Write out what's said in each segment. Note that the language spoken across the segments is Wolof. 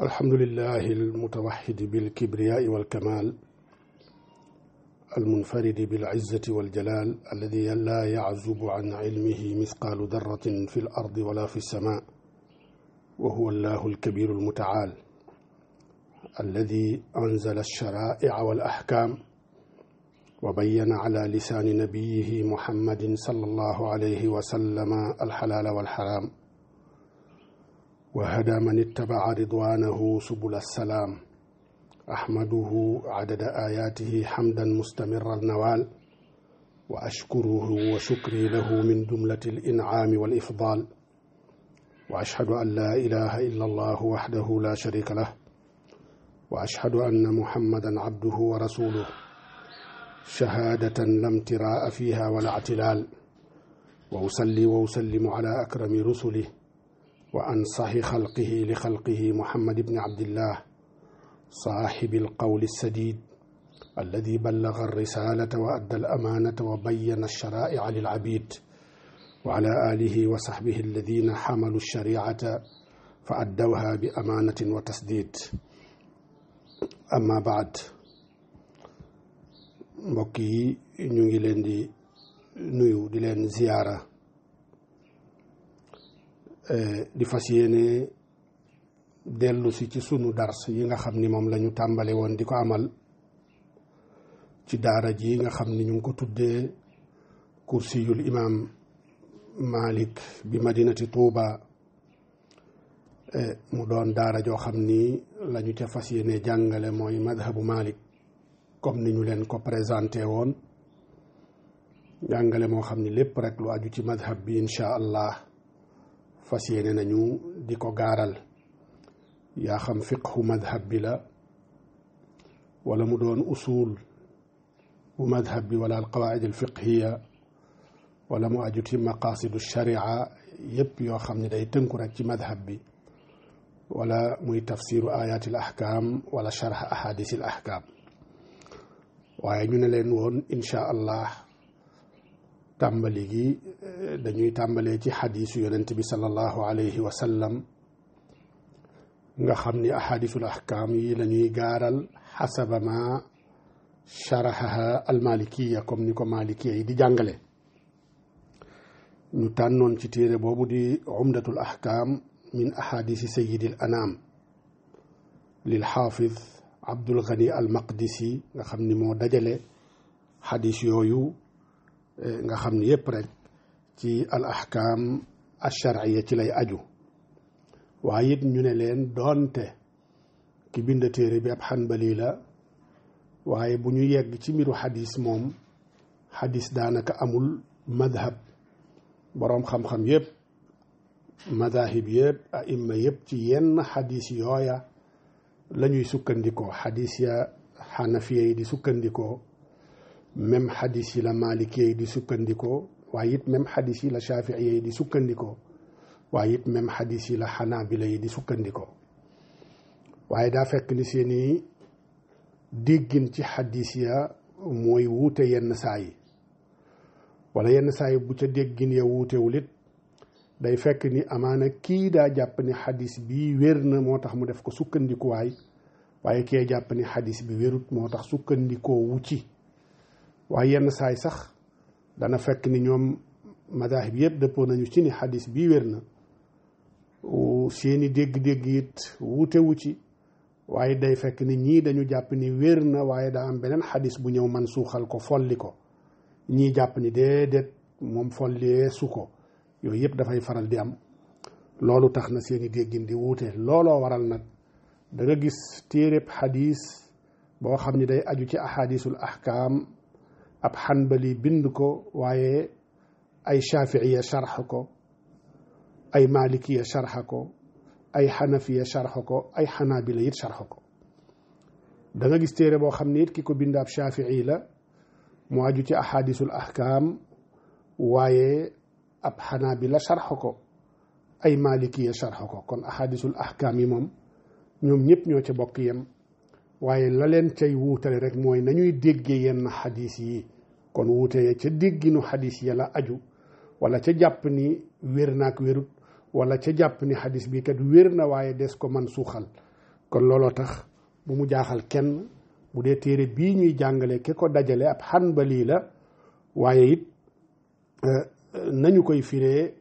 الحمد لله المتوحد بالكبرياء والكمال المنفرد بالعزة والجلال الذي لا يعزب عن علمه مثقال ذرة في الأرض ولا في السماء وهو الله الكبير المتعال الذي أنزل الشرائع والأحكام وبين على لسان نبيه محمد صلى الله عليه وسلم الحلال والحرام وهدى من اتبع رضوانه سبل السلام احمده عدد اياته حمدا مستمر النوال واشكره وشكري له من جمله الانعام والافضال واشهد ان لا اله الا الله وحده لا شريك له واشهد ان محمدا عبده ورسوله شهاده لم تراء فيها ولا اعتلال واصلي واسلم على اكرم رسله وأنصح خلقه لخلقه محمد بن عبد الله صاحب القول السديد الذي بلغ الرسالة وأدى الأمانة وبين الشرائع للعبيد وعلى آله وصحبه الذين حملوا الشريعة فأدوها بأمانة وتسديد أما بعد مكي نيو دي نيو دي زياره Eh, di fas yéene dellu si ci sunu dars yi nga xam ni moom lañu ñu tàmbale woon di ko amal ci daara ji nga xam ni ñu ngi ko tuddee kursiyul imaam Malik bi madinati Tuuba eh, mu doon daara joo xam ni la ñu ca fas yéene jàngale mooy madhabu Malik comme ni ñu leen ko présenté woon jàngale moo xam ni lépp rek lu aju ci madhab bi incha allah fas yéene nañu di ko gaaral yaa xam fiqhu madhab bi la wala mu doon usul bu madhab bi wala alqawaid alfiqhiya wala mu aju ci maqasidu sharia yépp yoo xam ne day tënku rek ci madhab bi wala muy tafsiru ayati al ahkam wala sharh ahadis al ahkam waaye ñu ne leen woon incha allah tambaligi dañuy tambalé ci xadiisu yonent bi sallallahu alayhi wa sallam nga xamni ahadithul ahkam yi lañuy garal gaaral xasaba ma sharahaha almalikiya comme ni ko malikiya di jàngale ñu tannon ci téré bobu di umdatul ahkam min ahadisi sayidil anam lil hafiz abdul gani al maqdisi nga xam ni moo dajale xadis yooyu nga xam ne yépp rek ci al ahkam alcharciya ci lay aju waaye it ñu ne leen doonte ki bind téere bi ab xanbali la waaye bu ñu yegg ci mbiru xadis moom xadis daanaka amul madhab boroom xam-xam yépp madahib yépp aima yépp ci yenn xadis yooya la ñuy sukkandikoo xadis ya xanafiya yi di sukkandikoo même xadis yi la Maliki yi di sukkandikoo waaye it même xadis yi la Shafii di sukkandikoo waaye it même xadis yi la Xanaabila yi di sukkandikoo waaye daa fekk ni seeni déggin ci xadis ya mooy wuute yenn saa yi wala yenn saa yi bu ca déggin ya wuutewul it day fekk ni amaana kii daa jàpp ni xadis bi wér na moo tax mu def ko sukkandikuwaay waaye kee jàpp ni xadis bi wérut moo tax sukkandikoo wu ci waaye yenn saay sax dana fekk ni ñoom madaahib yëpp dëppoo nañu ci ni xadis bii wér na seeni dégg-dégg it wuutewu ci waaye day fekk ni ñii dañu jàpp ni wér na waaye daa am beneen xadis bu ñëw man suuxal ko folli ko ñii jàpp ni déedéet moom follee ko yooyu yëpp dafay faral di am loolu tax na seeni déggin di wuute looloo waral nag danga gis téeréb xadis boo xam ni day aju ci ahadisul ahkaam ab xanbali bind ko waaye ay shaafiiya sharx ko ay malikiya sharx ko ay xanafiya sharx ko ay xanaabila it sharx ko da gis téere boo xam ne it ki ko bind ab shaafi'i la mu aju ci ahadisul ahkaam waaye ab xanaabila sharx ko ay malikiya sharx ko kon ahadisul ahkaam yi moom ñoom ñëpp ñoo ci bokk yem waaye la leen cay wuutale rek mooy nañuy déggee yenn xadiis yi kon wuute ya ca dégginu xadis ya la aju wala ca jàpp ni wér naak wérut wala ca jàpp ni xadis bi kat wér na waaye des ko man suuxal kon looloo tax bu mu jaaxal kenn bu dee téere bii ñuy jàngale ke ko dajale ab xanbali la waaye it euh, nañu koy firee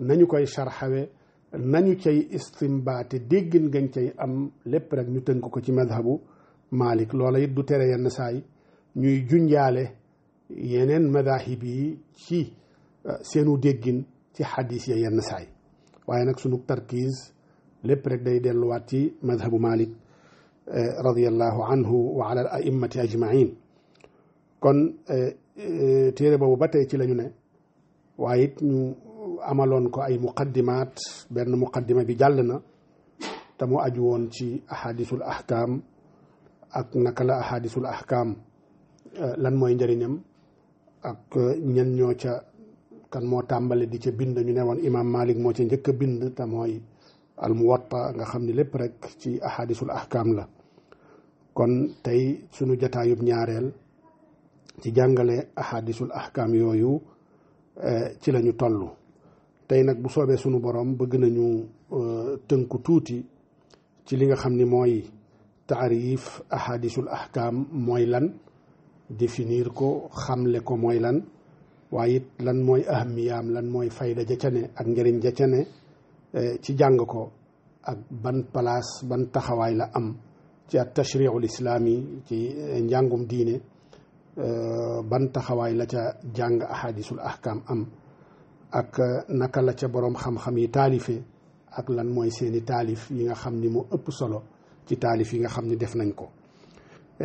nañu koy sarxawe nañu cay istimbaate déggin gañ cay am lépp rek ñu tënk ko ci madhabu Malik loola it du tere yenn saay ñuy junjaale yeneen madahib yi ci seenu déggin ci xadis ya yenn saay waaye nag sunu tarkiis lépp rek day delluwaat ci madhabu malik radiallahu anhu wa ala al a'immati ajmain kon téere boobu ba tey ci la ñu ne waaye it ñu amaloon ko ay muqaddimaat benn muqaddima bi jàll na te mu aju woon ci ahadisul ahkam ak naka la ahadisul ahkam lan mooy njëriñam ak euh, ñen ñoo ca kan moo tàmbali di ca bind ñu ne woon imam malik moo ca njëkk a bind te mooy al muwatta nga xam ni lépp rek ci ahadisul ahkam la kon tey sunu jataayub ñaareel ci jàngale ahadisul ahkam yooyu euh, ci lañu ñu toll tey nag bu soobee suñu borom bëgg nañu euh, tënku tuuti ci li nga xam ni mooy taarif ahadisul ahkam mooy lan définir ko xamle ko mooy lan waaye it lan mooy ahmiyaam lan mooy fay la ca ak njëriñ ja ne eh, ci jàng ko ak ban palaas ban taxawaay la am ci at tashriul islaami ci eh, njàngum diine eh, ban taxawaay la ca jàng ahadisul ahkam am ak naka la ca boroom xam-xam yi taalife ak lan mooy seeni taalif yi nga xam ni moo ëpp solo ci taalif yi nga xam ni def nañ ko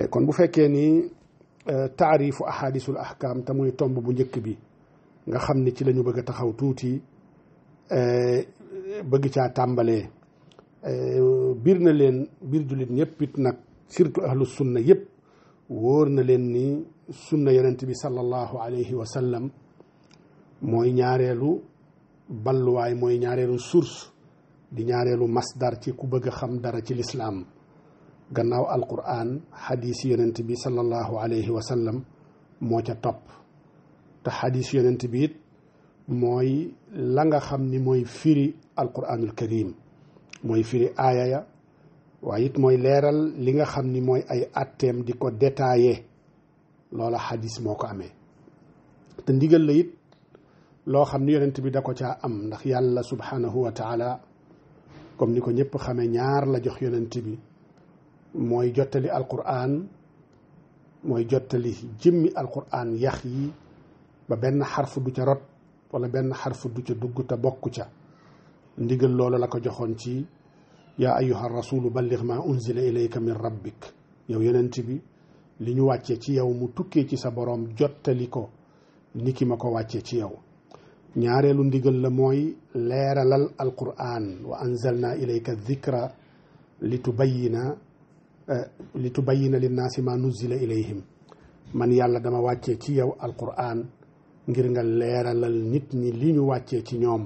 kon bu fekkee ni Euh, taarifu ahadisul ahkaam te muy tomb bu njëkk bi nga xam ni ci lañu bëgg taxaw tuuti euh, bëgg caa tàmbalee euh, biir na leen biir jullit ñëpp it nag surtout ahlu sunna yëpp wóor na leen ni sunna yonent bi sallallahu alayhi wa mooy ñaareelu balluwaay mooy ñaareelu source di ñaareelu masdar ci ku bëgg a xam dara ci lislaam gannaaw alquran xadis yonent bi sallallahu alayhi wa sallam moo ca topp te xadis yonent bi it mooy la nga xam ni mooy firi alquranul karim mooy firi aaya ya waaye it mooy leeral li nga xam ni mooy ay atteem di ko détaillé loola xadis moo ko amee te ndigal la it loo xam ni yonent bi da ko caa am ndax yàlla subhanahu wa taala comme ni ko ñëpp xamee ñaar la jox yonent bi mooy jottali alquran mooy jottali jëmmi alquran yax yi ba benn xarfu du ca rot wala benn xarfu du ca dugg te bokku ca ndigal loolu la ko joxoon ci yaa ayuha rasulu balligh ma unzila ilayka min rabbik yow yonent bi li ñu wàccee ci yow mu tukkee ci sa boroom jottali ko ni ki ma ci yow ñaareelu ndigal la mooy leeralal alquran wa anzalna ilayka dhikra li Eh, li tubayyina linnaasi ma nuzila ilayhim man yàlla dama wàccee ci yow alquran ngir nga leeralal nit ñi li ñu wàccee ci ñoom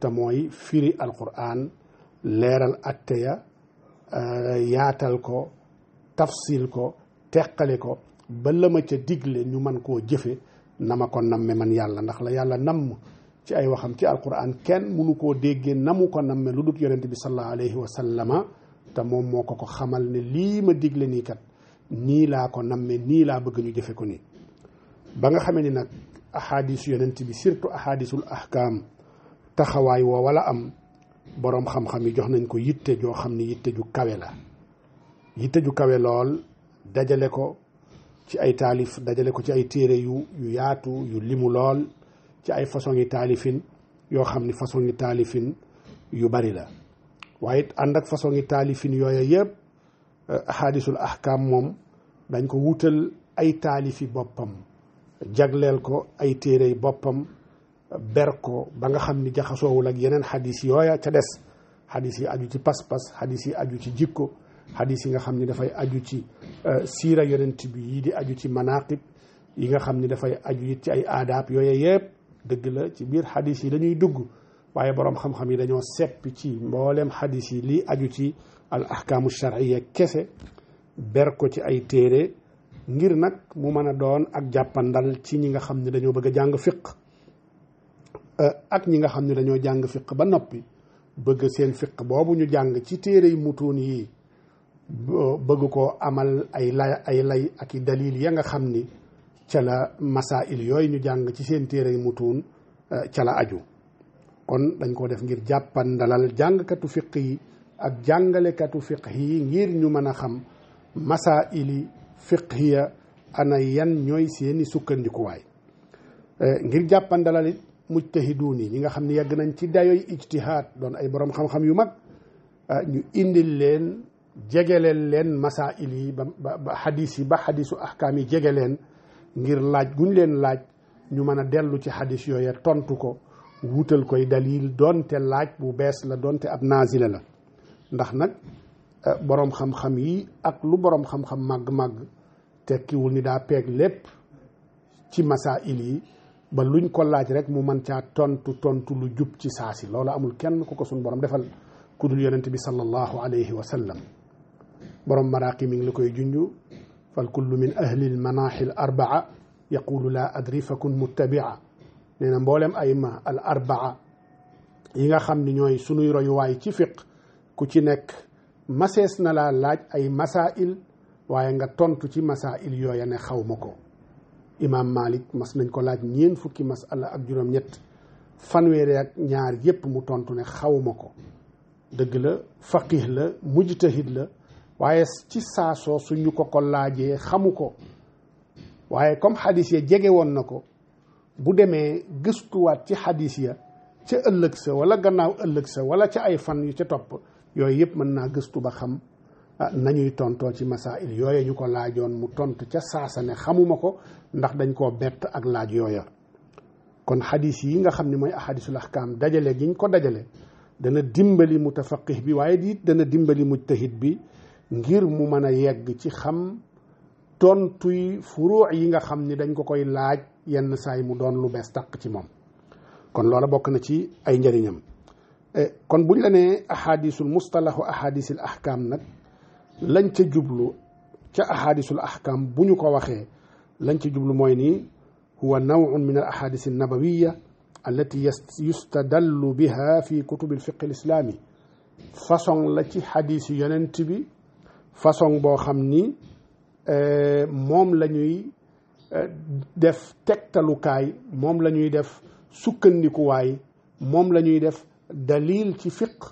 te mooy firi alquran leeral atte ya eh, yaatal ko tafsil ko teqale ko ba la ma ca digle ñu man koo jëfe nama ma ko namme man yàlla ndax la yàlla namm ci ay waxam ci alquran kenn mënu koo déggee namu ko namme lu dut yonent bi sallallahu alayhi wa te moom moo ko xamal ne lii ma digle nii kat nii laa ko namme nii laa bëgg ñu jëfe ko nii ba nga xamee ni nag ahadis yonent bi surtout ahadisul ahkaam taxawaay woo wala am borom xam-xam yi jox nañ ko yitte joo xam ni yitte ju kawe la yitte ju kawe lool dajale ko ci ay taalif dajale ko ci ay téere yu yu yaatu yu limu lool ci ay façon yi taalifin yoo xam façon yi taalifin yu bari la waaye it ànd ak façon yi taalifin yooya yëpp eh, ahadisul ahkam moom dañ ko wutal ay taalifi boppam jagleel ko ay téerey boppam ber ko ba nga xam ni jaxasoowul ak yeneen xadis yooya ca des xadis yi aju ci pas-pas xadis yi aju ci jikko xadis yi nga xam ni dafay aju ci eh, siira yonent bi yi di aju ci manaqib yi nga xam ni dafay aju ci ay aadaab yooya yëpp dëgg la ci biir xadis yi dañuy dugg waaye borom xam-xam yi dañoo sepp ci mboolem xadis yi lii aju ci al ahkaamu sharciya kese ber ko ci ay téere ngir nag mu mën a doon ak jàppandal ci ñi nga xam ne dañoo bëgg a jàng fiq euh, ak ñi nga xam ne dañoo jàng fiq ba noppi bëgg seen fiq boobu ñu jàng ci téere yi mutuun yi bëgg koo amal ay lay ay lay ak i dalil ya nga xam ni ca la masail yooyu ñu jàng ci seen téere yi mutuun euh, ca la aju kon dañ ko def ngir jàppandalal jàngkatu fiq yi ak jàngalekatu fiq yi ngir ñu mën a xam masaili fiqhiya ana yan ñooy seeni sukkandikuwaay eh, ngir jàppandalal it mujtahiduun yi ñi nga xam ne yegg nañ ci dayoy ijtihaad doon ay borom xam-xam yu mag ah, ñu indil leen jegeleel leen masail yi ba ba xadis yi ba hadisu ahkaam yi ngir laaj guñ leen laaj ñu mën a dellu ci tontu ko wutal koy dalil donte laaj bu bes la donte ab nazila la ndax nak borom xam-xam yi ak lu borom xam-xam mag mag tekki wul ni da pek lépp ci masail yi ba luñ ko laaj rek mu man ca tontu tontu lu jup ci sasi loolu amul kenn ku ko suñ borom defal kudul yonent bi sallallahu alayhi wa sallam borom maraqim ngi koy junj fal kullu min ahli al manahil arbaa يقول لا أدري فكن muttabia nee na mboolem ay ma al arbaa yi nga xam ni ñooy sunuy royuwaay ci fiq ku ci nekk masees na laa laaj ay masail waaye nga tontu ci masail yooya ne xawuma ko imaam Malik mas nañ ko laaj ñeen fukki masala ak juróom-ñett fanweeri ak ñaar yépp mu tontu ne xawuma ko dëgg la faqih la mujtahid la waaye ci saasoo suñu ko ko laajee xamu ko waaye comme xadis ya jege woon na ko bu demee gëstuwaat ci xadis ya ca ëllëg sa wala gannaaw ëllëg sa wala ca ay fan yu ca topp yooyu yëpp mën naa gëstu ba xam ah, nañuy tontoo ci masail yooya ñu ko laajoon mu tontu ca saasa ne xamuma ko ndax dañ ko bett ak laaj yooya kon xadis yi nga xam ne mooy ahadisul ahkaam dajale giñ ko dajale dana dimbali mutafaqih bi waaye it dana dimbali mujtahid bi ngir mu mën a yegg ci xam tontuy furuux yi nga xam ni dañ ko koy laaj yenn saay mu doon lu bees tàq ci moom kon loola bokk na ci ay njëriñam kon buñ la nee ahadisul mustalahu ahadisil ahkam nag lañ ca jublu ca ahadisul ahkam bu ñu ko waxee lañ ca jublu mooy ni huwa nawun min al ahadis nabawiyya allati yustadallu biha fi kutub al fiqh al islami façon la ci hadith yonent bi façon bo xamni euh mom lañuy Euh, def tegtalukaay moom la ñuy def sukkandikuwaay moom lañuy def dalil ci fiq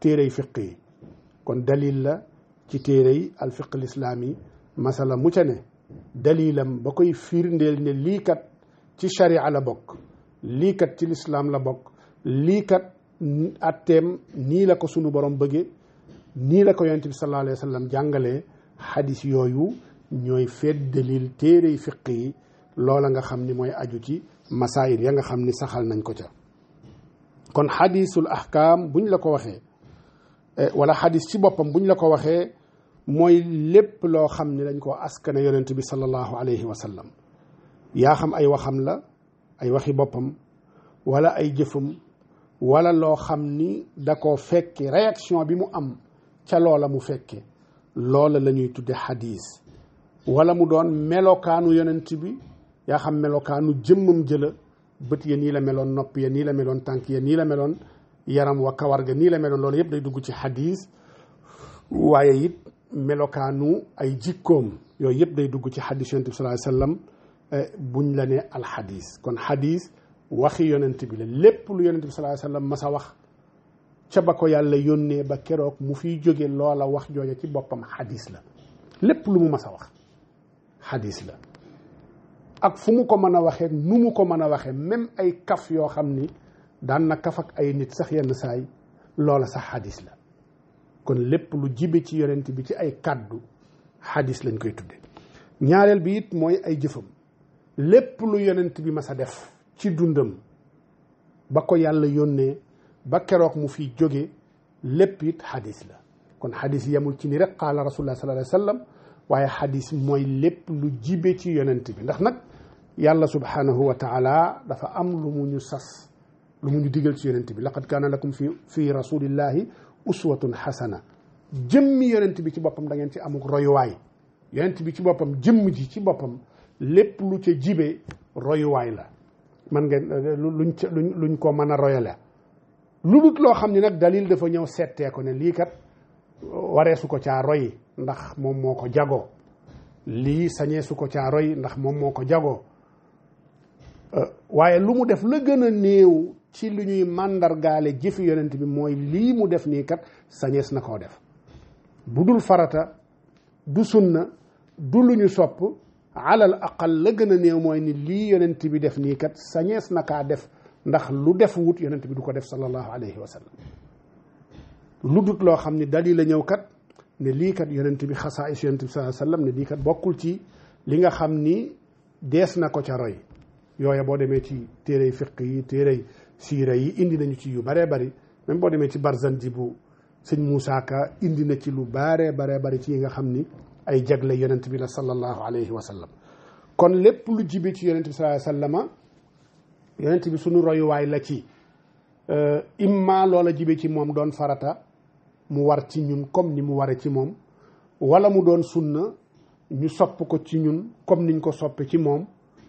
téerey fiq yi kon dalil la ci téerey al fiq lislaam yi masala mu ca ne dalilam ba koy firndeel ne lii ci sharia la bokk liikat ci lislaam la bokk liikat kat nii la ko sunu borom bëggee nii la ko yonent bi sallallahu alayhi wa sallam xadis yooyu ñooy feet dalil téere fiq yi loola nga xam ni mooy aju ci masaayil ya nga xam ni saxal nañ ko ca kon xadisul ahkaam buñ la ko waxee wala xadis ci boppam buñ la ko waxee mooy lépp loo xam ni dañ koo askane yonent bi sallallahu alayhi wa sallam yaa xam ay waxam la ay waxi boppam wala ay jëfam wala loo xam ni da koo fekki réaction bi mu am ca loola mu fekke loola la ñuy tudde xadis wala mu doon melokaanu yonent bi yaa xam melokaanu jëmmam jëla bët ya nii la meloon nopp ya nii la meloon tànk ya nii la meloon yaram wa kawar ga nii la meloon loolu yëpp day dugg ci xadis waaye it melokaanu ay jikkoom yooyu yëpp day dugg ci xadis yonent bi sallallahu alayhi wasallam buñ la ne alxadis kon xadis waxi yonent bi la lépp lu yonent bi sallallahu alayhi wasallam masa wax ca ba ko yàlla yónnee ba keroog mu fiy jóge loola wax jooja ci boppam xadis la lépp lu mu masa wax xadis la ak fu mu ko mën a waxee nu mu ko mën a waxee même ay kaf yoo xam ni daan na kaf ak ay nit sax yenn saay loola sax xadis la kon lépp lu jibe ci yonent bi ci ay kàddu xadis lañ koy tudde ñaareel bi it mooy ay jëfam lépp lu yonent bi mas a def ci dundam ba ko yàlla yónnee ba keroog mu fi jóge lépp it xadis la kon xadis yamul ci ni rek qaala rasulullah sallallahu alayhi wa sallam waaye xadis mooy lépp lu jibe ci yonent bi ndax nag yàlla subhanahu wa taala dafa am lu mu ñu sas lu mu ñu digal ci yonent bi laqad kaana lakum fi fi rasulillahi uswatun xasana jëmmi yonent bi ci boppam da ngeen ci amuk royuwaay yonent bi ci boppam jëmm ji ci boppam lépp lu ca jibe royuwaay la man ngeen luñ luñ luñ ko mën a royale lu dut loo xam ne nag dalil dafa ñëw settee ko ne lii kat wareesu ko caa royi ndax moom moo ko jagoo lii sañeesu ko caa roy ndax moom moo ko jagoo euh, waaye lu mu def la gën a néew ci lu ñuy màndargaale jëfi yonent bi mooy lii mu def nii kat sañees na koo def bu dul farata du sunna du lu ñu sopp alal aqal la gën a néew mooy ni lii yonent bi def nii sañees na kaa def ndax lu def wut yonent bi du ko def sallallahu alayhi wa lu dut loo xam ni dali la ñëw kat ne lii kat yonent bi xasaais yonent bi sallallahu alayhi ne lii kat bokkul ci li nga xam ni dees na ko ca roy yooya boo demee ci téerey fiq yi téerey siira yi indi nañu ci yu baree bari même demee ci Barzanji bu sëñ Moussa Ka indi na ci lu baree baree bari ci yi nga xam ni ay jagle yonent bi la sallallahu alayhi wa sallam kon lépp lu ci yonent bi sallallahu alayhi wa sallam yonent bi la ci euh, imma loola jibe ci moom doon farata mu war ci ñun comme ni mu waree ci moom wala mu doon sunna ñu sopp ko ci ñun comme niñ ko soppe ci moom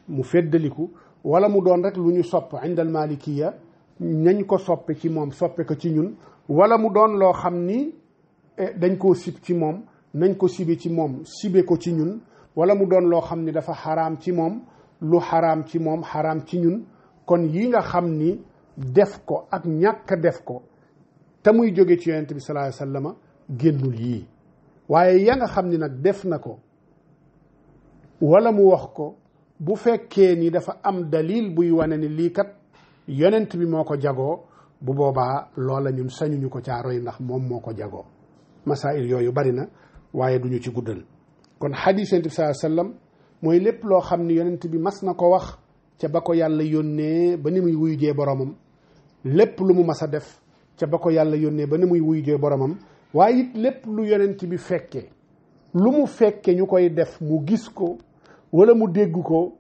mu feddaliku wala mu doon rek lu ñu sopp indal malikiya nañ ko soppe ci moom soppe ko ci ñun wala mu doon loo xam ni e, dañ koo sib ci moom nañ ko sibe ci moom sibe ci ñun wala mu doon loo xam ni dafa xaraam ci moom lu xaraam ci moom xaram ci ñun kon yi nga xam ni def ko ak ñàkk def ko te muy jóge ci yonent bi salaay sallama génnul yii waaye ya nga xam ni nag def na ko wala mu wax ko bu fekkee ni dafa am dalil buy wane ni lii kat yonent bi moo ko jagoo bu boobaa loola ñun sañuñu ko caa roy ndax moom moo ko masail yooyu bari na waaye duñu ci guddal kon xadis yonent bi saa sallam mooy lépp loo xam yonent bi mas na wax ca ba yàlla yónnee ba ni muy wuyjee boromam lépp lu mu mas def ca ba ko yàlla yónnee ba ne muy wuy jee boromam waaye it lépp lu yeneen ci bi fekkee lu mu fekke ñu koy def mu gis ko wala mu dégg ko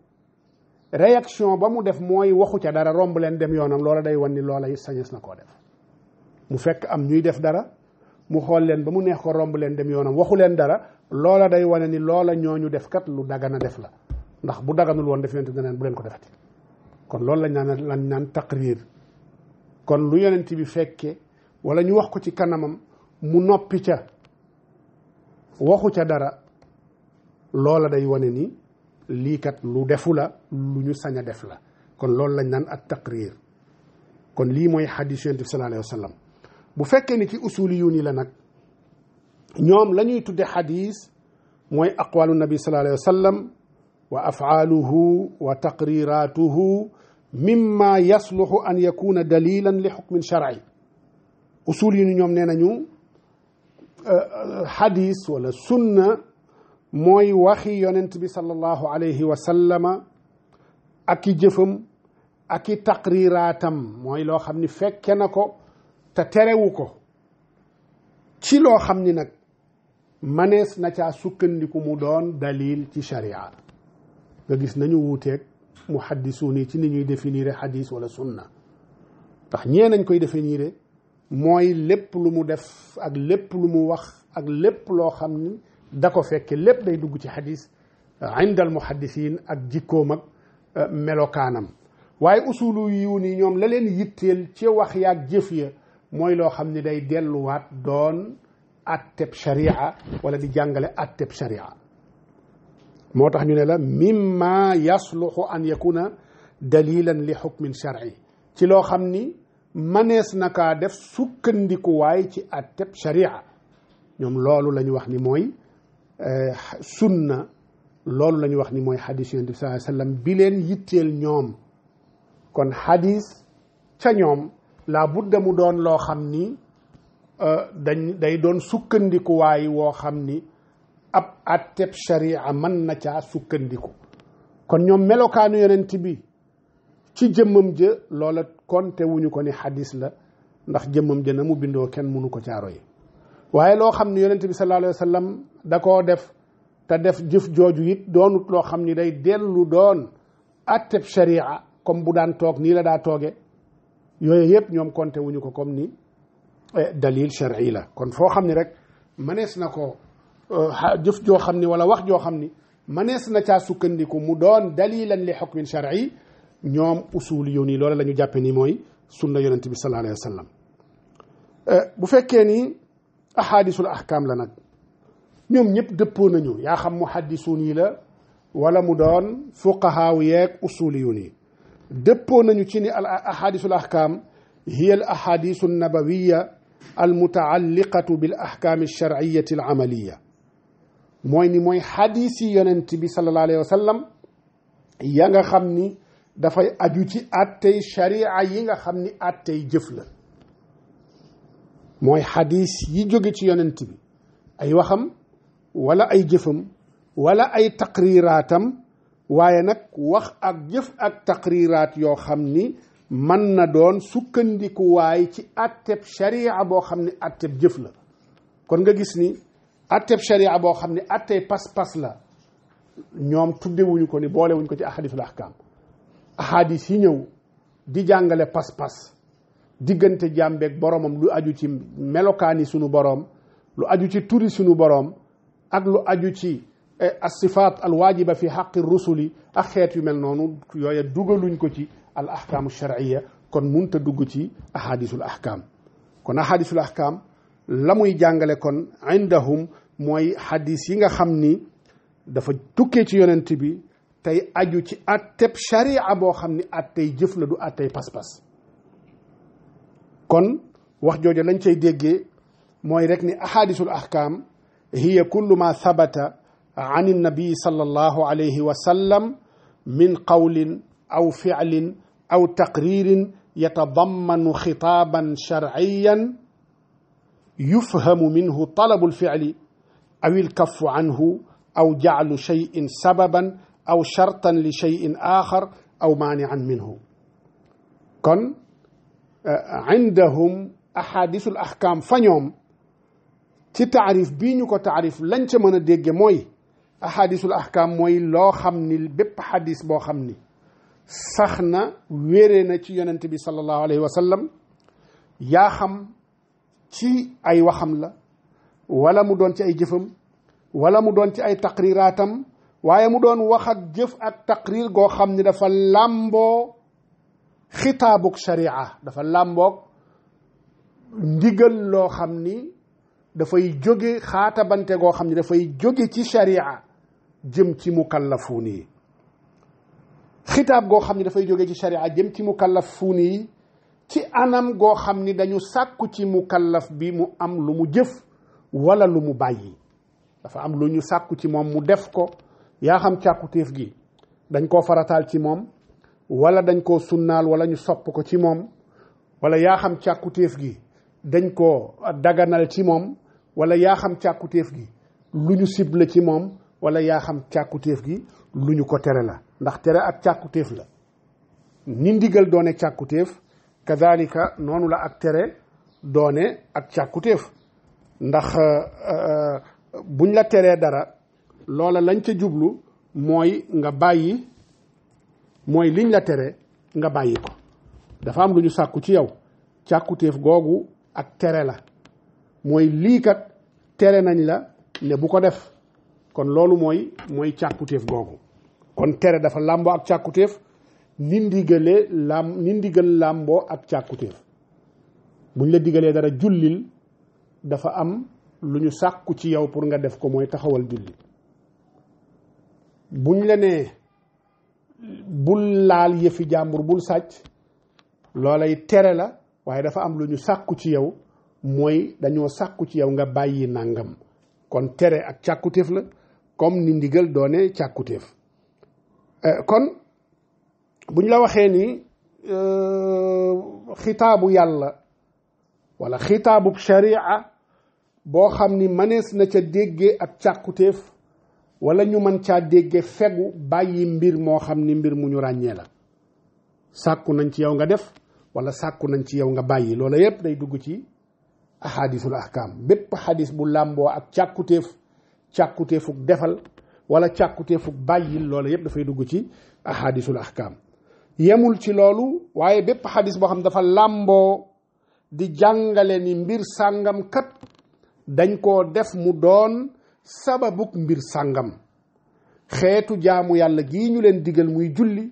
réaction ba mu def mooy waxu ca dara romb leen dem yoonam loola day wan ni loola sañes na koo def mu fekk am ñuy def dara mu xool leen ba mu neex ko romb leen dem yoonam waxu leen dara loola day wane ni loola ñooñu def kat lu daggana def la ndax bu daganul woon def yonent danaan bu leen ko defati kon loolu lañ naan lañ naan kon lu yonent bi fekke wala ñu wax ko ci kanamam mu noppi ca waxu ca dara loola day wone ni lii kat lu defu la lu ñu sañ a def la kon loolu lañ naan ak taqrir kon lii mooy xadis yonent bi sallam bu fekkee ni ci ni la nag ñoom la ñuy tudde xadis mooy aqwalu nabi sallallahu alayhi wa sallam wa afaaluhu wa taqriratuhu مما يصلح ان يكون دليلا لحكم شرعي اصول نيوم نينا حديث ولا سنه موي وخي يونت صلى الله عليه وسلم اكي جفم اكي تقريراتم موي لو خامني فكناكو تا تريوكو تي لو خامني نك مانيس نتا سكنديكو مودون دليل تي شريعه غيس نانيو ووتيك muhaddisuun yi ci ni ñuy définir hadis wala sunna ndax ñee nañ koy définir mooy lépp lu mu def ak lépp lu mu wax ak lépp loo xam ni da ko fekke lépp day dugg ci hadis inda al muhaddisin ak jikkoom ak melokaanam waaye usulu yiwu ni ñoom la leen yitteel ci wax yaag jëf ya mooy loo xam ni day delluwaat doon atteb sharia wala di jàngale atteb sharia moo tax ñu ne la mimma yasluxu an yakuna dalilan li xukmin shar'i ci loo xam ni manees na kaa def sukkandikuwaay ci atteb sharia ñoom loolu la wax ni mooy eh, sunna loolu la wax ni mooy xadis yonent bi sallallahu alayhi kon xadis ca ñoom doon loo xam ni eh, dañ doon sukkandikuwaay woo xam ni ab atteb sharia man na caa sukkandiku kon ñoom melokaanu yonent bi ci jëmmam jë loola konte wuñu ko ni xadis la ndax jëmmam jë na mu bindoo kenn mënu ko caaro yi waaye loo xam ni yonent bi sallallahu alayhi wa sallam da koo def te def jëf jooju it doonut loo xam ni day dellu doon atteb sharia comme bu daan toog nii la daa tooge yooyu yëpp ñoom konte wuñu ko comme ni eh, dalil shar'i la kon foo xam ni rek mënees na ko جف جو خمني ولا وخ جو خمني منيس نتا سكنديكو مدون دليلا لحكم شرعي نيوم أصول يوني لولا لن يجابني موي سنة يونتبي صلى الله عليه وسلم بفكيني أحاديث الأحكام لنا نيوم نيب دبونا نيو يا خم محدثوني لا ولا مدون فقهاء ويك أصول يوني دبونا نيو تيني أحاديث الأحكام هي الأحاديث النبوية المتعلقة بالأحكام الشرعية العملية mooy ni mooy xadiis yi yonent bi sallallahu alayhi wa ya nga xam ni dafay aju ci attey sharia yi nga xam ni attey jëf la mooy xadiis yi jóge ci yonent bi ay waxam wala ay jëfam wala ay taqriraatam waaye nag wax ak jëf ak taqriraat yoo xam ni mën na doon sukkandikuwaay ci atteb sharia boo xam ni atteb jëf la kon nga gis ni atteb sharia boo xam ne attey pas-pas la ñoom wuñu ko ni wuñu ko ci ahadisul ahkam ahadis yi ñëw di jàngale pas-pas diggante jàmbeeg boromam lu aju ci melokaani sunu borom lu aju ci turi sunu borom ak lu aju ci الصفات yu mel حق الرسل أخيات ko ci al دوغلون كوتي الأحكام الشرعية كون مونتا دوغوتي أحاديث الأحكام كون أحاديث الأحكام lamuy jàngale kon indahum moy hadith yi nga xamni dafa tukke ci yonent bi tay aju ci atep sharia bo xamni atay jëf la du atay pass pass kon wax jojo lañ cey déggé moy rek ni ahadithul ahkam hiya kullu ma thabata عن النبي صلى الله عليه وسلم من قول او فعل او تقرير يتضمن خطابا شرعيا يفهم منه طلب الفعل أو الكف عنه أو جعل شيء سببا أو شرطا لشيء آخر أو مانعا منه كن عندهم أحاديث الأحكام فنيوم ci taarif bii ñu ko taarif lañ ca mën a dégge mooy ahadisul ahkam mooy loo xam ni bépp hadis boo xam ni sax na wéree na ci yonent bi salallahu alayhi wa sallam yaa xam ci ay waxam la walla mu doon ci ay jëfam walla mu doon ci ay taqriraatam waaye mu doon wax ak jëf ak taqrir goo xam ni dafa làmboo xitaabuk sharia dafa làmboog ndigal loo xam ni dafay jóge xaatabante goo xam ni dafay jóge ci sharia jëm ci mukallafuun yi xitaab goo xam ni dafay jóge ci sharia jëm ci mukallafuun yi ci anam goo xam ni dañu sàkku ci mu mukallaf bi mu am lu mu jëf walla lu mu bàyyi dafa am lu ñu sàkku ci moom mu def ko yaa xam càkkutéef gi dañ koo farataal ci moom wala dañ koo sunnaal wala ñu sopp ko ci moom wala yaa xam càkkutéef gi dañ koo daganal ci moom wala yaa xam càkkutéef gi lu ñu sible ci moom wala yaa xam càkkutéef gi lu ñu ko tere la ndax tere ak càkkutéef la ni ndigal doone càkkutéef kadalika noonu la ak tere doone ak càkkutéef ndax euh, euh, buñ la teree dara loola lañ ca jublu mooy nga bàyyi mooy liñ la tere nga bàyyi ko dafa am lu ñu sàkku ci yow càkkutéef googu ak tere la mooy lii kat tere nañ la ne bu ko def kon loolu mooy mooy càkkutéef googu kon tere dafa làmboo ak càkkutéef ni ndigale lam ni ndigal làmboo ak càkkutéef buñ la digalee dara jullil dafa am lu ñu sàkku ci yow pour nga def ko mooy taxawal julli buñ la nee bul laal yëfi jàmbur bul sàcc loolay tere la waaye dafa am lu ñu sàkku ci yow mooy dañoo sàkku ci yow nga bàyyi nàngam kon tere ak càkkutéef la comme ni ndigal doone càkkutéef euh, kon buñ la waxee ni xitaabu yàlla wala xitaabub sharia boo xam ni mënees na ca déggee ak càkkutéef wala ñu man caa déggee fegu bàyyi mbir moo xam ni mbir mu ñu ràññee la sàkku nañ ci yow nga def wala sàkku nañ ci yow nga bàyyi loola yépp day dugg ci ahadisul ahkam bépp hadis bu làmboo ak càkkutéef càkkutéefuk defal wala càkkutéefuk bàyyil loola yépp dafay dugg ci ahadisul ahkam yemul ci loolu waaye bépp xadis boo xam dafa làmboo di jàngale ni mbir sàngam kat dañ koo def mu doon sababuk mbir sàngam xeetu jaamu yàlla gii ñu leen digal muy julli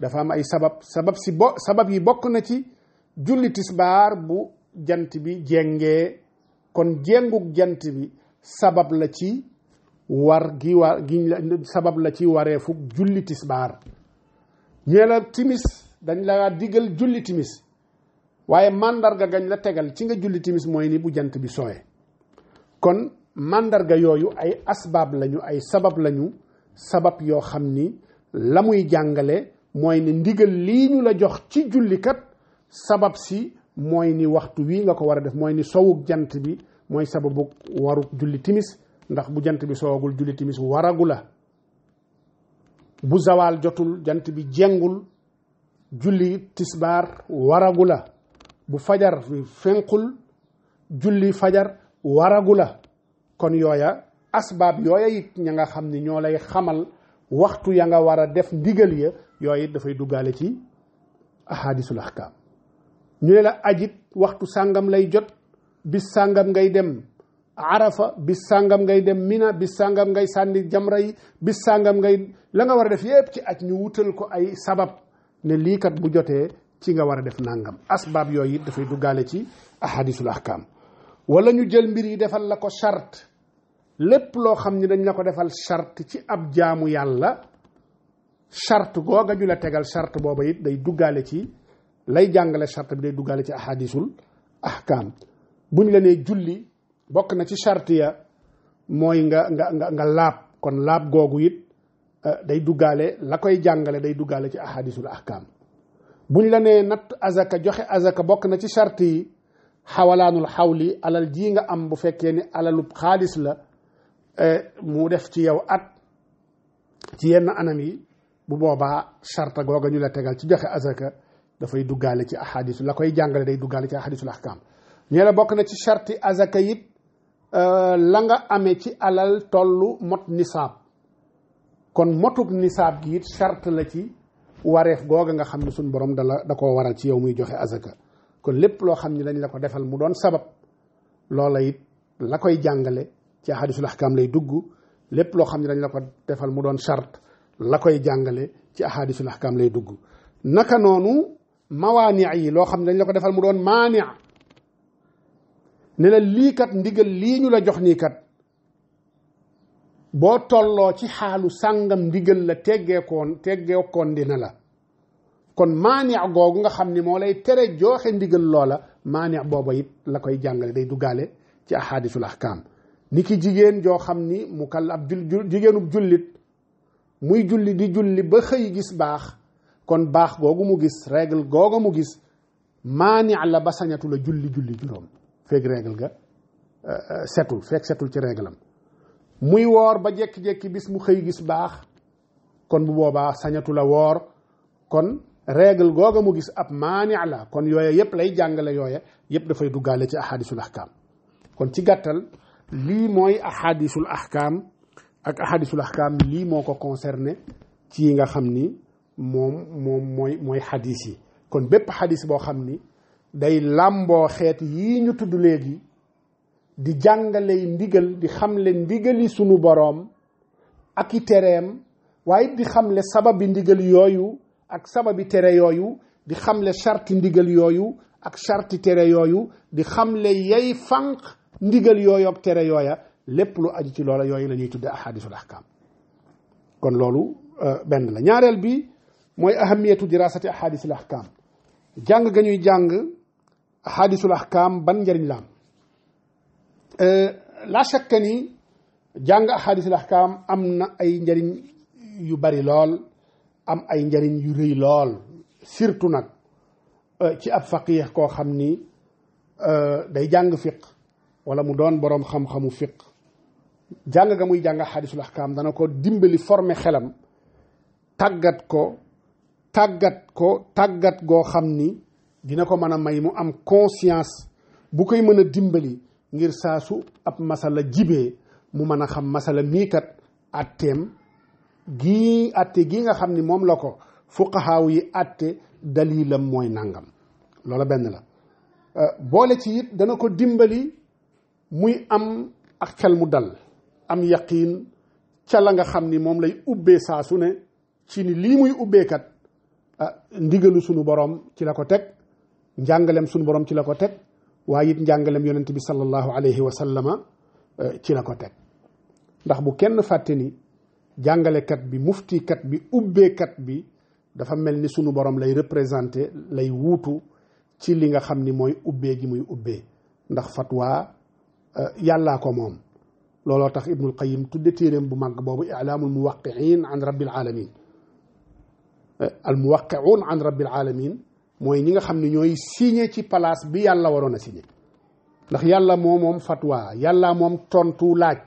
dafa am ay sabab sabab si bo sabab yi bokk na ci julli tisbaar bu jant bi jengee kon jenguk jant bi sabab la ci war gi war gi sabab la ci wareefuk julli tisbaar ñeela timis dañ la diggal julli timis waaye màndarga gañ la tegal ci nga julli timis mooy ni bu jant bi sooyee kon màndarga yooyu ay asbaab lañu ay sabab lañu sabab yoo xam ni la muy jàngale mooy ni ndigal lii ñu la jox ci jullikat sabab si mooy ni waxtu wii nga ko war a def mooy ni sowug jant bi mooy sababu warug julli timis ndax bu jant bi soowagul julli timis waragu la bu zawaal jotul jant bi jengul julli tisbaar waragu la bu fajar fenkul julli fajar waragu la kon yooya asbaab yooya it ña nga xam ni ñoo lay xamal waxtu ya nga war a def ndigal ya yooy it dafay duggaale ci ahadisul ahkaam ñu la ajit waxtu sàngam lay jot bi sàngam ngay dem arafa bis sàngam ngay dem mina bis sàngam ngay sànni jamra yi bis sàngam ngay la nga war a def yépp ci ak ñu wutal ko ay sabab ne lii kat bu jotee ci nga war a def nangam asbaab yooyu it dafay duggaale ci ahadisul wala ñu jël mbir yi defal la ko charte lépp loo xam ni dañ la ko defal charte ci ab jaamu yàlla charte googa ju la tegal charte booba it day duggaale ci lay jàngale charte bi day duggaale ci ahadisul ahkam buñ la nee julli bokk na ci chartiya mooy nga nga nga nga laab kon laab googu it eh, day duggaale la koy jàngale day duggaale ci ahadisul ahkaam buñ la nee natt azaka joxe azaka bokk na ci charte yi xawalaanul xawli alal ji nga am bu fekkee ni alalub xaalis la eh, mu def ci yow at ci yenn anam yi bu boobaa charte googa ñu la tegal ci joxe azaka dafay duggaale ci ahadisu la koy jàngale day duggaale ci ahadisul ahkaam ñee la bokk na ci charte azaka it Euh, la nga amee ci alal tollu mot nisaab kon motug nisaab gi it charte la ci wareef googa nga xam ne suñ borom dala da koo waral ci yow muy joxe azaka kon lépp loo xam ne dañ la ko defal mu doon sabab loola it la koy jàngale ci ahadisul ahkam lay dugg lépp loo xam ne dañ la ko defal mu doon charte la koy jàngale ci ahadisul ahkam lay dugg naka noonu mawaani yi loo xam ne dañ la ko defal mu doon maania ne la lii kat ndigal lii ñu la jox nii kat boo tolloo ci xaalu sàngam ndigal la teggeekoon teggeekoon dina la kon maanic googu nga xam ni moo lay tere joxe ndigal loola maanic booba it la koy jàngale day duggaale ci ahadisul ahkaam ni ki jigéen joo xam ni mu kal ab jul jigéenub jullit muy julli di julli ba xëy gis baax kon baax googu mu gis règle googu mu gis maanic la ba sañatu la julli julli juróom fekk règle ga euh, euh, setul fekk setul ci règle am muy woor ba jekki-jekki bis mu xëy gis baax kon bu boobaa sañatu la woor kon règle googa mu gis ab maani la kon yooya yépp lay jàngale yooya yépp dafay duggaale ci ahadisul ahkam kon ci gàttal lii mooy ahadisul ahkam ak ahadisul ahkam lii moo ko concerné ci yi nga xam ni moom moom mooy mooy xadis yi kon bépp hadis boo xam day làmboo xeet yi ñu tudd léegi di jàngaley ndigal di xamle ndigali sunu boroom ak i tereem waaye di xamle sababi ndigal yooyu ak sababi tere yooyu di xamle sarti ndigal yooyu ak sarti yooyu di xamle yay fànq ndigal yooyu tere yooya lépp lu aju ci loola yooyu la ñuy tudde ahadisul ahkam kon loolu euh, benn la ñaareel bi mooy ahamiyatu dirasati ahadisul ahkam jàng ga ñuy jàng ahadisul ahkam ban njariñ euh la chaque ni jang ahadisul ahkam amna ay njariñ yu bari lol am ay njariñ yu reuy lol surtout nag eh, ci ab faqih ko xamni euh day jang fiqh wala mu don borom xam-xamu fiqh jang ga muy jang ahadisul ahkam dana ko dimbali formé xelam tagat ko tagat ko tagat go xamni dina ko mën a may mu am conscience bu koy mën a dimbali ngir saasu ab masala jibee mu mën a xam masala mii kat atteem gii atte gii nga xam ni moom la ko fuqahaaw yi atte dalilam mooy nangam loola benn la euh, boole ci it dana ko dimbali muy am ak xel mu dal am yaqiin ca la nga xam ni moom lay ubbee saa su ne ci ni lii muy ubbeekat euh, ndigalu sunu boroom ci la ko teg njàngalem sun borom ci la ko teg waaye it njàngalem yonent bi sallallahu alayhi wa sallama ci la ko teg ndax bu kenn fàtte ni jàngalekat bi mufti kat bi ubbeekat bi dafa mel ni sunu borom lay représenté lay wuutu ci li nga xam ni mooy ubbee gi muy ubbee ndax fatwa yàlla ko moom looloo tax ibnul qayim tudde téeréem bu mag boobu ilamul muwaqiin an rabbil alamin al muwaqiun an rabbil alamin mooy ñi nga xam ne ñooy signé ci place bi yàlla waroon a signé ndax yàlla moo moom fatwa yàlla moom tontu laaj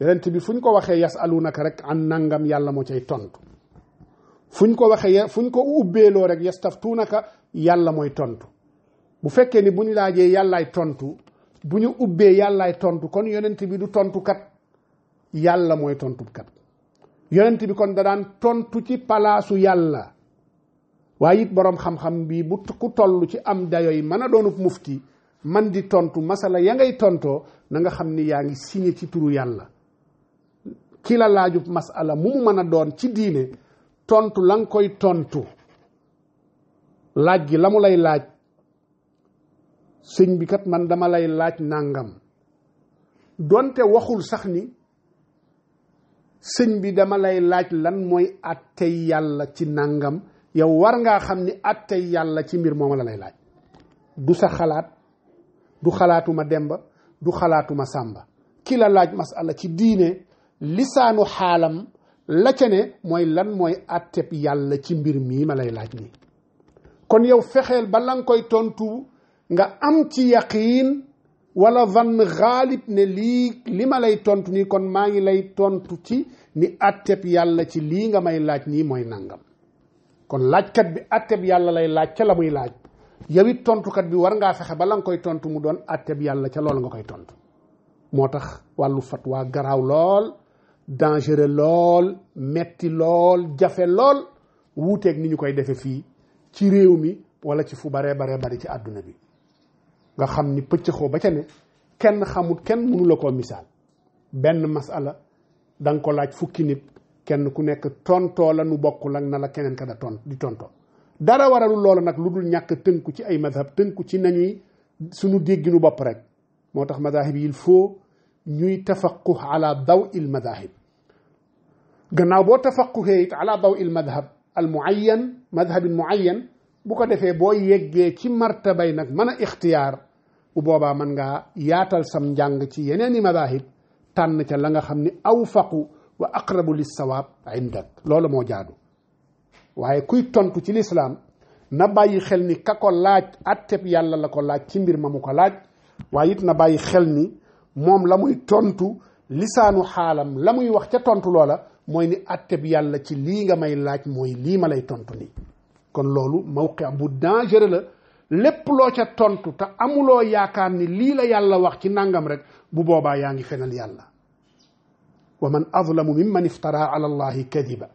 yonent bi fu ñu ko waxee yas alu naka rek an nangam yàlla moo cay tontu fu ñu ko waxee fu ñu ko ubbeeloo rek yas yastaftu naka yàlla mooy tontu bu fekkee ni bu ñu laajee yàllaay tontu bu ñu ubbee yàllaay tontu kon yonent bi du tontukat yàlla mooy tontukat yonent bi kon da daan tontu ci palaasu yàlla waaye it boroom xam-xam bi bu ku toll ci am dayo yi mën a doonub mufti man di tontu masala ya ngay tontoo na nga xam ni yaa ngi signé ci turu yàlla ki la laajub masala mu mu mën a doon ci diine tontu la koy tontu laaj gi la mu lay laaj sëñ bi kat man dama lay laaj nàngam doonte waxul sax ni sëñ bi dama lay laaj lan mooy àttey yàlla ci nàngam yow war ngaa xam ni attey yàlla ci mbir mooma la lay laaj du sa xalaat du xalaatuma demba du xalaatuma sàmba ki la laaj masala ci diine lisaanu xaalam la ne mooy lan mooy atteb yàlla ci mbir mii ma lay laaj nii kon yow fexeel ba la koy tontu nga am ci yaqiin wala van xaalib ne lii li ma lay tontu nii kon maa ngi lay tontu ci ni atteb yàlla ci lii nga may laaj nii mooy nangam kon laajkat bi atteb yàlla lay laaj ca la muy laaj yow it tontukat bi war ngaa fexe ba la nga koy tontu mu doon atteb yàlla ca loolu nga koy tontu moo tax wàllu fatwa garaaw lool dangere lool metti lool jafe lool wuuteeg ni ñu koy defe fii ci réew mi wala ci fu baree baree bari ci àdduna bi nga xam ni pëccëxoo ba ca ne kenn xamut kenn mënu la koo misaal benn masala da ko laaj fukki nit kenn ku nekk tontoo la nu bokkul ak na la keneen ka da ton di tontoo dara waralu loola nag lu dul ñàkk tënku ci ay madhab tënku ci nañuy suñu dégginu bopp rek moo tax madahib yi il ñuy tafaqux ala daw il gannaaw boo tafaquxee it ala daw il madhab bu ko defee boo yeggee ci martabay nag mën a ixtiyaar bu boobaa mën ngaa yaatal sam njàng ci yeneeni madahib tànn ca la nga xam ni aw faqu wa aqrabu lis sawaab indak loolu moo jaadu waaye kuy tontu ci lislaam na bàyyi xel ni ka ko laaj atteb yàlla la ko laaj ci mbir ma mu ko laaj waaye it na bàyyi xel ni moom la muy tontu lisaanu xaalam la muy wax ca tontu loola mooy ni atteb yàlla ci lii nga may laaj mooy lii ma lay tontu nii kon loolu mawqi bu dangereux la lépp loo ca tontu te amuloo yaakaar ni lii la yàlla wax ci nangam rek bu boobaa yaa ngi fenal yàlla ومن أظلم ممن افترى على الله كذبا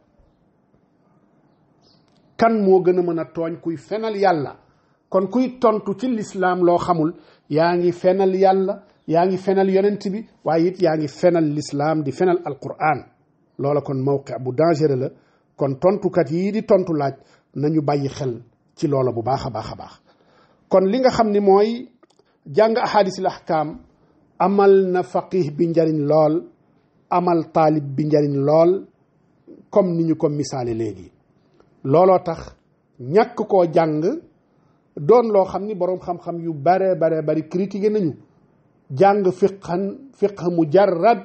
كان مو غن من توغن كوي فنال يالا كون كوي تونتو تي الاسلام لو خامول ياغي فنال يالا ياغي فنال يوننتي بي وايت ياغي فنال الاسلام دي فنال القران لولا كون موقع بو دانجير لا كون تونتو كات يي دي تونتو لاج نانيو باي خيل تي لولا بو باخا باخا باخ كون ليغا خامني موي جانغ احاديث الاحكام عملنا فقيه بنجارين لول amal talib bi njariñ lool comme ni ñu ko misaale léegi looloo tax ñàkk koo jàng doon loo xam ni boroom xam-xam yu bare bare bari critiqué nañu jàng fiqhan fiqh mujarrad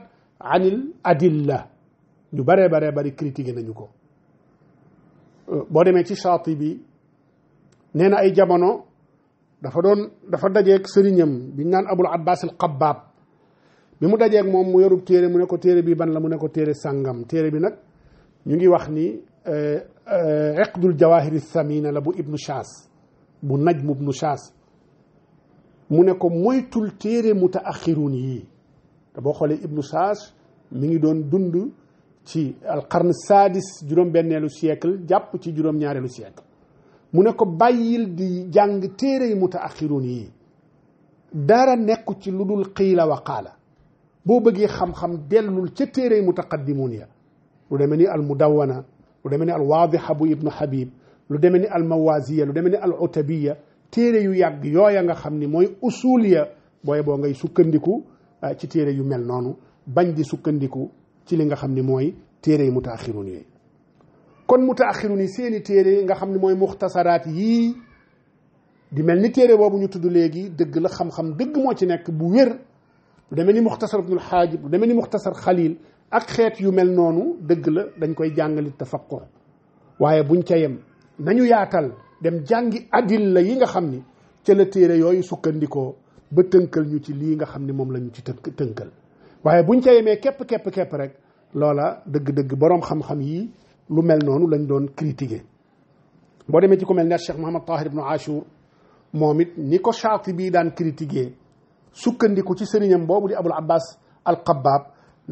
anil adilla ñu bare bare bari critiqué nañu ko euh, boo demee ci shaati bi nee na ay jamono dafa doon dafa dajeeg sëriñam bi ñu naan abul abbas al qabbab bi mu dajeeg moom mu yorub téere mu ne ko téere bi ban la mu ne ko téere sàngam téere bi nag ñu ngi wax ni eh, eh, iqdul jawahiri samina la bu ibnu Shaas bu najm ibnu Shaas mu ne ko moytul téere mutaaxiruun yii te boo xoolee ibnu Shaas mi ngi doon dund ci alqarn saadis juróom-benneelu siècle jàpp ci juróom-ñaareelu siècle mu ne ko bàyyil di jàng téere yi mutaaxiruun yii dara nekku ci lu dul xiila wa qaala boo bëggee xam-xam dellul ca téere mutaqaddimun ya lu deme ni al mudawana lu deme ni al waadixa bu ibnu habib lu deme ni al mawaziya lu deme ni al utabiya téere yu yàgg yooya nga xam ni mooy usul ya booye boo ngay sukkandiku ah, ci téere yu mel noonu bañ di sukkandiku ci li nga xam ni mooy téere yi mutaaxirun yooyu kon mutaaxirun yi seeni téere nga xam ni mooy muxtasaraat yii di mel ni téere boobu ñu tudd léegi dëgg la xam-xam dëgg moo ci nekk bu wér lu demee ni muxtasar ibnul xaajib lu demee ni muxtasar xalil ak xeet yu mel noonu dëgg la dañ koy jàngali tafakkur waaye buñ ca yem nañu yaatal dem jàngi adil la yi nga xam ni ca la téere yooyu sukkandikoo ba tënkal ñu ci lii nga xam ni moom la ñu ci tënk tënkal waaye buñ ca yemee képp képp képp rek loola dëgg-dëgg borom xam-xam yi lu mel noonu lañ doon critiquer boo demee ci ku mel Cheikh Mohamad Tahir ibnu Ashur moom it ni ko daan critiquer sukkandiku ci sëriñam boobu di abul abbas al qabbab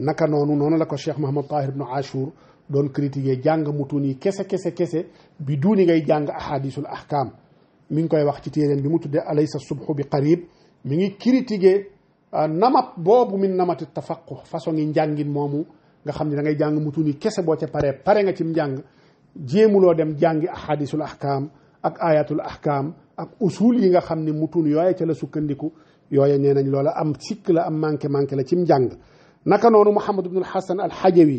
naka noonu noonu la ko cheikh mahamad tahir ashur doon critiqué jàng mutun kese kese kese bi duuni ngay jàng ahadisul ahkam mi ngi koy wax ci téeréen bi mu tudde alaysa subhu bi qarib mi ngi critiqué ah, namat boobu min namati tafaqu façon ngi njàngin moomu nga xam da ngay jàng kese boo ca pare nga ci njàng jéemuloo dem jàngi ahadisul ahkam ak ayatul ahkam ak usul yi nga xam ne mutun yooye ca la sukkandiku yooya nee nañ loola am sikk la am manqué manqué la cim njàng naka noonu muhammad ibnul hasan al xajawi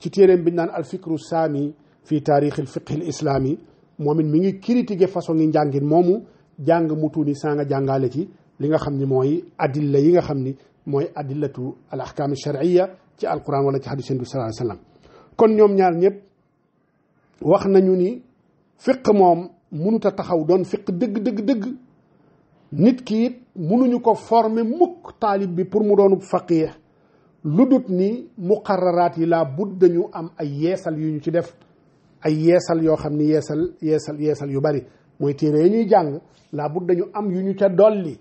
ci téeréem biñ naan al fikru saami fi taarix al fiqh al islami moom it mi ngi critiqué façon ngi njàngin moomu jàng mu tuuni saa nga jàngaale ci li nga xam ni mooy adilla yi nga xam ni mooy adillatu al ahkam shar'iyya ci alquran wala ci hadis yentu sallallahu alayhi wasallam kon ñoom ñaar ñëpp wax nañu ni fiq moom mënut a taxaw doon fiq dëgg dëgg dëgg nit ki it mënuñu ko forme mukk taalib bi pour mu doonu faqih lu dut ni mu muqararaat yi laa bud dañu am ay yeesal yu ñu ci def ay yeesal yoo xam ni yeesal yeesal yeesal yu bari mooy téere yi ñuy jàng laa bud dañu am yu ñu ca dolli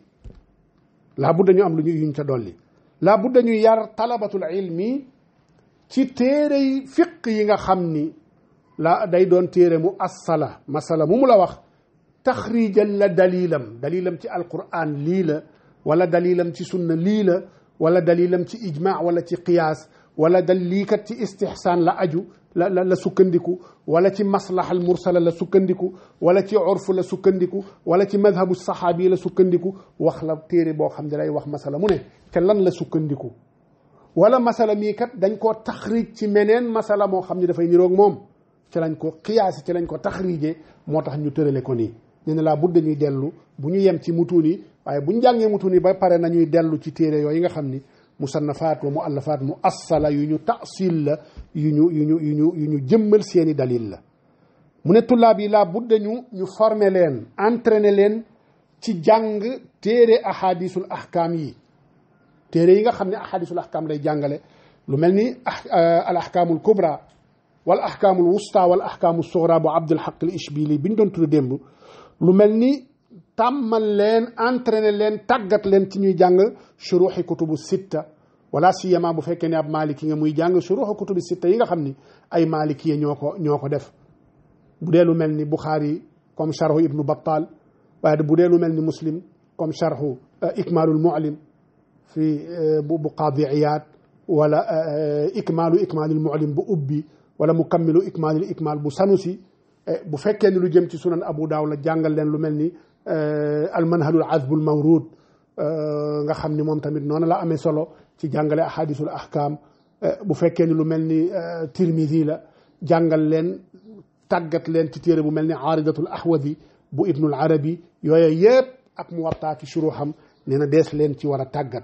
laa bud dañu am lu ñu yu ñu ca dolli laa bud dañuy yar talabatul ilmi ci téere yi fiq yi nga xam ni la day doon téere mu assala masala mu mu la wax تخريجا لا دليلا دليلا في القران ليلا ولا دليلا في سنه ليلا ولا دليلا في اجماع ولا في قياس ولا دليلك في استحسان لا اجو لا لا لا سكنديكو ولا في مصلح المرسل لا سكنديكو ولا في عرف لا سكنديكو ولا في مذهب الصحابي لا سكنديكو واخلا تيري بو خامدي لاي واخ مثلا مو نه تي لان لا سكنديكو ولا مثلا مي كات دنجكو تخريج في منين مثلا مو خامدي دا فاي نيروك موم تي لانكو قياس تي لانكو تخريجي موتاخ ني تيرلي كوني nee la laa bu dañuy delu bu ñu yem ci mutuni waye bu ñu jàngee mutuuni ba pare nañuy delu ci téré yoy nga xamni musannafat wa muallafat muassala mu yu ñu tasil la yu ñu yu ñu yu ñu yu ñu jëmmal seeni dalil la mu ne tullaab yi la budda dañu ñu formé len entraîner len ci jàng téré ahadithul ahkam yi téré yi nga xamni ahadithul ahkam lay jàngale lu mel ni al ahkaamul kubra wal ahkaamul wusta wal ahkaamul sugra bu abdul haq al ishbili bi ñu doon tudd lu melni tamal len entraîner len tagat len ci ñuy jàng shuruh kutubu sitta wala siyama bu fekkee ne ab maliki nga muy jàng shuruh kutubu sitta yi nga xamni ay maliki ya ñoko ko def bu dee lu mel ni comme sharh ibn battal waaye bu dee lu mel muslim comme sharh ikmal al mu'lim fi bu bu qaadi iyaad ikmal ikmalu ikmalul muallim bu ubbi wala mukammilu ikmalul ikmal bu sanusi bu fekkee ni lu jëm ci sunan abu daaw la jàngal leen lu mel ni almanhalul azbul mawrud nga xam ni moom tamit noonu la amee solo ci jàngale ahadisul ahkam bu fekkee ni lu mel ni la jàngal leen tàggat leen ci téere bu mel ni ahwadi bu ibnul arabi yooye yépp ak mu wartaa ci suruxam neena na dees leen ci war a tàggat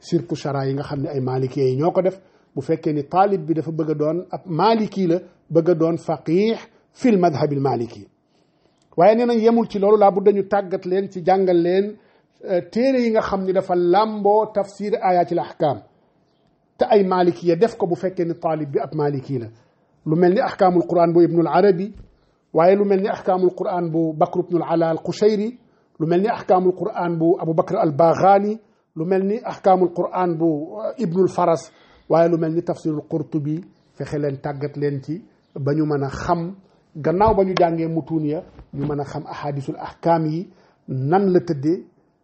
surtout chara yi nga xam ne ay maliki yi ñoo ko def bu fekkee ni taalib bi dafa bëgg a doon ab maliki la bëgg a doon faqix في المذهب المالكي وين انا يمول تي لولو لابد نيو تاغات لين تي جانغال لين آه، تيري ييغا خامني دا لامبو تفسير ايات الاحكام تا اي مالكيه ديف كو بو فكيني طالب بي اب مالكي لا لو ملني احكام القران بو ابن العربي واي لو ملني احكام القران بو بكر بن العلاء القشيري لو ملني احكام القران بو ابو بكر الباغاني لو ملني احكام القران بو آه، ابن الفرس واي لو ملني تفسير القرطبي في خلال تاغات لين تي بانيو مانا خام gannaaw ba ñu jàngee mutuun ya ñu mën a xam ahadisul ahkaam yi nan la tëdde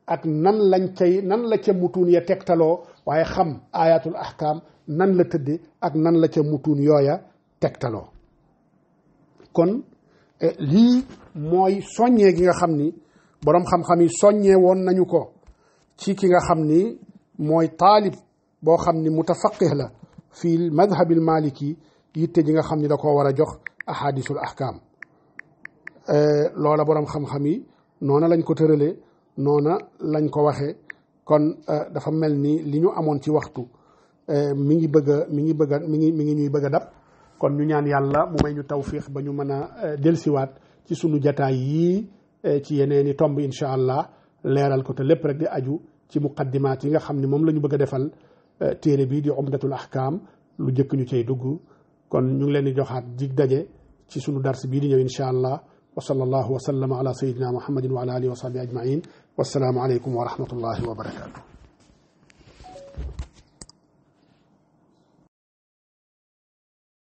ak nan lañ cay nan la ca mutuun ya tegtaloo waaye xam ayatul ahkaam nan la tëdde ak nan la ca mutuun yooya tegtaloo kon eh, lii mooy soññee gi nga xam ni boroom xam-xam yi soññee woon nañu ko ci ki nga xam ni mooy taalib boo xam ni mutafaqih la fii madhabil maliki yitte ji nga xam ni da ko war a jox ahadisul ahkaam eh, loola boroom xam-xam yi noona lañ ko tëralee noona lañ ko waxee kon eh, dafa mel ni li ñu amoon ci waxtu eh, mi ngi bëgg a mi ngi bëgg a mi ngi mi ngi ñuy bëgg a dab kon ñu ñaan yàlla mu may ñu tawfiix ba ñu mën a delsiwaat ci sunu jataay yii ci yeneeni tomb incha allah leeral ko te lépp rek di aju ci muqaddimaat yi nga xam ne moom la ñu bëgg a defal téere bii di umdatul ahkaam lu jëkk ñu cay dugg kon ñu ngi leen di joxaat dig daje ci sunu dars bii di ñëw insha allah wa sallallahu wa sallama ala sayidina muhammadin wa ala alihi wa sahbihi ajmain wassalaamu alaykum wa rahmatullahi wa barakatuh